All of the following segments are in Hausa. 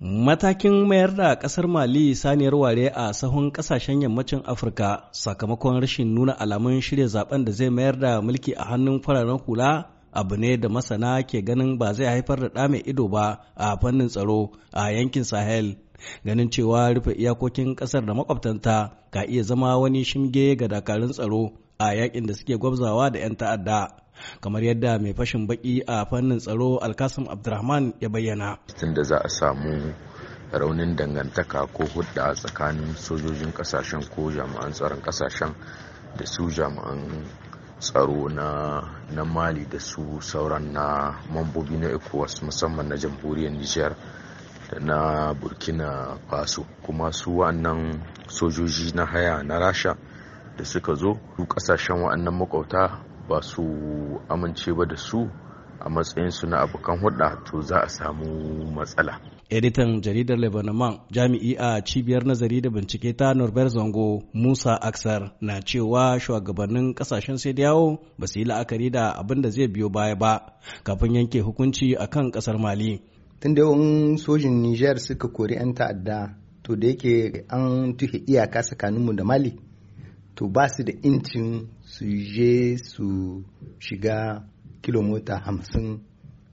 Matakin mayar da ƙasar Mali saniyar ware a sahun ƙasashen yammacin Afirka sakamakon rashin nuna alamun shirya zaben da zai mayar da mulki a hannun fararen hula abu ne da masana ke ganin ba zai haifar da ɗa mai ido ba a fannin tsaro a yankin Sahel. Ganin cewa rufe iyakokin ƙasar da makwabtanta ka iya zama wani shinge ga dakarun tsaro a yakin da suke gwabzawa da 'yan ta'adda. kamar yadda mai fashin baki a fannin tsaro alkasim abdurrahman ya bayyana tun da za a samu raunin dangantaka ko hudda tsakanin sojojin kasashen ko jami'an tsaron kasashen da su jami'an tsaro na mali da su sauran na mambobi na ecowas musamman na jamhuriyar nijar da na burkina faso kuma su wannan sojoji na haya na rasha da suka zo su kasashen wa'annan makwauta ba su amince ba da su a matsayinsu na abokan hulɗa to za a samu matsala. editan jaridar lebanon jami'i a cibiyar nazari da bincike ta norbert zango musa aksar na cewa shugabannin kasashen sai da yawo ba su yi la'akari da abin da zai biyo baya ba kafin yanke hukunci a kan kasar mali tun da yawan sojin niger suka kori 'yan ta'adda to da yake an tuhe iyaka tsakaninmu da mali to ba su da incin su je su shiga kilomita hamsin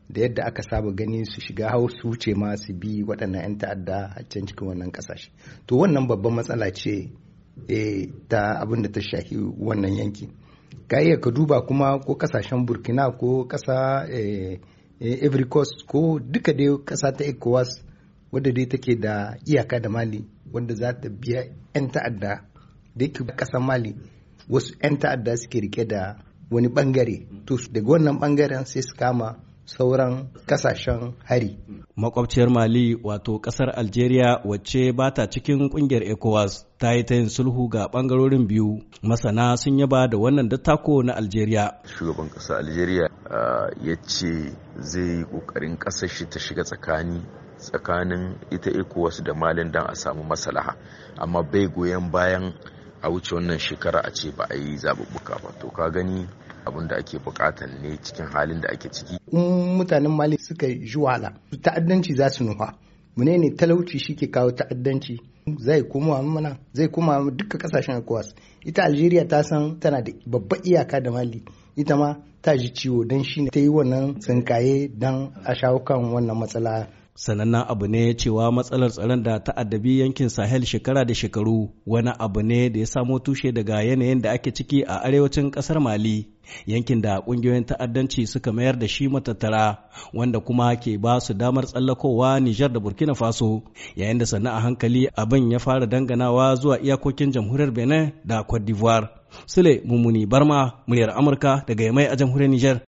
da yadda aka saba gani su shiga hau su wuce ma su bi waɗannan 'yan ta'adda a can cikin wannan ƙasashe to wannan babban matsala ce eh, ta abin da ta shahi wannan yanki ka iya ka duba kuma ko kasashen burkina ko ƙasa eh, eh, ivory coast ko duka dai ƙasa ta ecowas wadda dai take da iyaka da mali wadda za ta biya 'yan ta'adda da yake mali wasu 'yan ta'adda suke rike da wani bangare to daga wannan bangaren sai su kama sauran kasashen hari. Makwabciyar Mali wato kasar Algeria wacce ba ta cikin kungiyar ECOWAS ta yi ta yin sulhu ga bangarorin biyu masana sun yaba da wannan dattako na Algeria. Shugaban kasar Algeria ya ce zai yi ƙoƙarin ƙasar shi ta shiga tsakani tsakanin ita ECOWAS da Malin don a samu masalaha amma bai goyon bayan a wuce wannan shekara a ce ba a yi zaɓuɓɓuka ba to ka gani abin da ake bukata ne cikin halin da ake ciki. in mutanen mali suka ji wahala ta'addanci za su nufa mune ne talauci shi ke kawo ta'addanci zai koma mana zai koma duka kasashen ecowas ita algeria ta san tana da babbar iyaka da mali ita ma ta ji ciwo don shi ne. ta yi wannan tsinkaye don a shawo kan wannan matsala sanannen abu ne cewa matsalar tsaron da ta'addabi yankin sahel shekara da shekaru wani abu ne da ya samo tushe daga yanayin da ake ciki a arewacin kasar mali yankin da kungiyoyin ta'addanci suka mayar da shi matattara wanda kuma ke ba su damar tsallakowa nijar da burkina faso yayin da sannan a hankali abin ya fara danganawa zuwa iyakokin jamhuriyar benin da cote d'ivoire sule mummuni barma muryar amurka daga yamai a jamhuriyar nijar